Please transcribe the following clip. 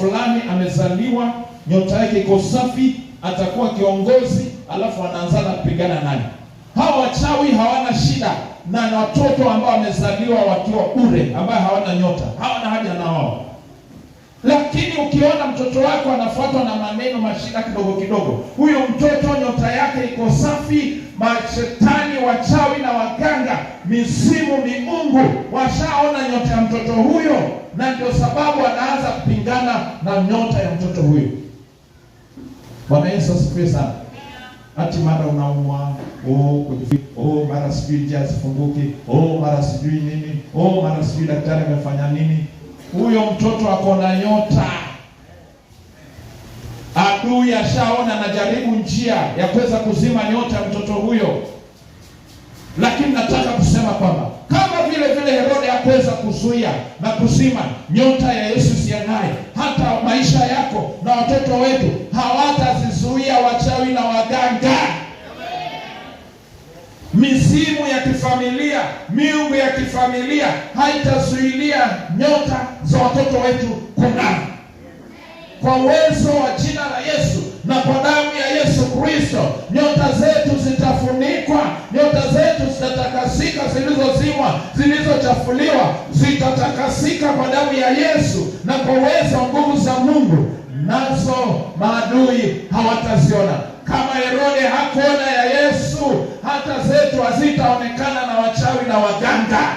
fulani amezaliwa, nyota yake iko safi, atakuwa kiongozi, alafu anaanzana kupigana naye. Hawa wachawi hawana shida na watoto ambao wamezaliwa wakiwa bure, ambao hawana nyota, hawana haja na wao. Lakini ukiona mtoto wako anafuatwa na maneno mashida kidogo kidogo, huyo mtoto nyota yake iko safi, mashetani wachawi na waganga, misimu miungu washaona nyota ya mtoto huyo, na ndio sababu anaanza kulingana na nyota ya mtoto huyo Bwana Yesu asifiwe sana. Hati mara unaumwa, oh, kujificha, oh, mara sijui njia sifunguki, oh, mara sijui nini, oh, mara sijui daktari amefanya nini. Huyo mtoto ako na nyota. Adui ashaona anajaribu njia ya kuweza kuzima nyota ya mtoto huyo, lakini nataka kusema kwamba kuweza kuzuia na kusima nyota ya Yesu isiangae. Hata maisha yako na watoto wetu hawatazizuia wachawi na waganga. misimu ya kifamilia, miungu ya kifamilia haitazuilia nyota za watoto wetu kung'aa kwa uwezo wa jina la Yesu na kwa damu ya Yesu Kristo, nyota zetu zitafunikwa, nyota zetu zitatakasika, zilizozimwa zil zimefufuliwa zitatakasika kwa damu ya Yesu na kwa uwezo wa nguvu za Mungu, nazo maadui hawataziona. Kama Herode hakuona ya Yesu, hata zetu hazitaonekana na wachawi na waganga.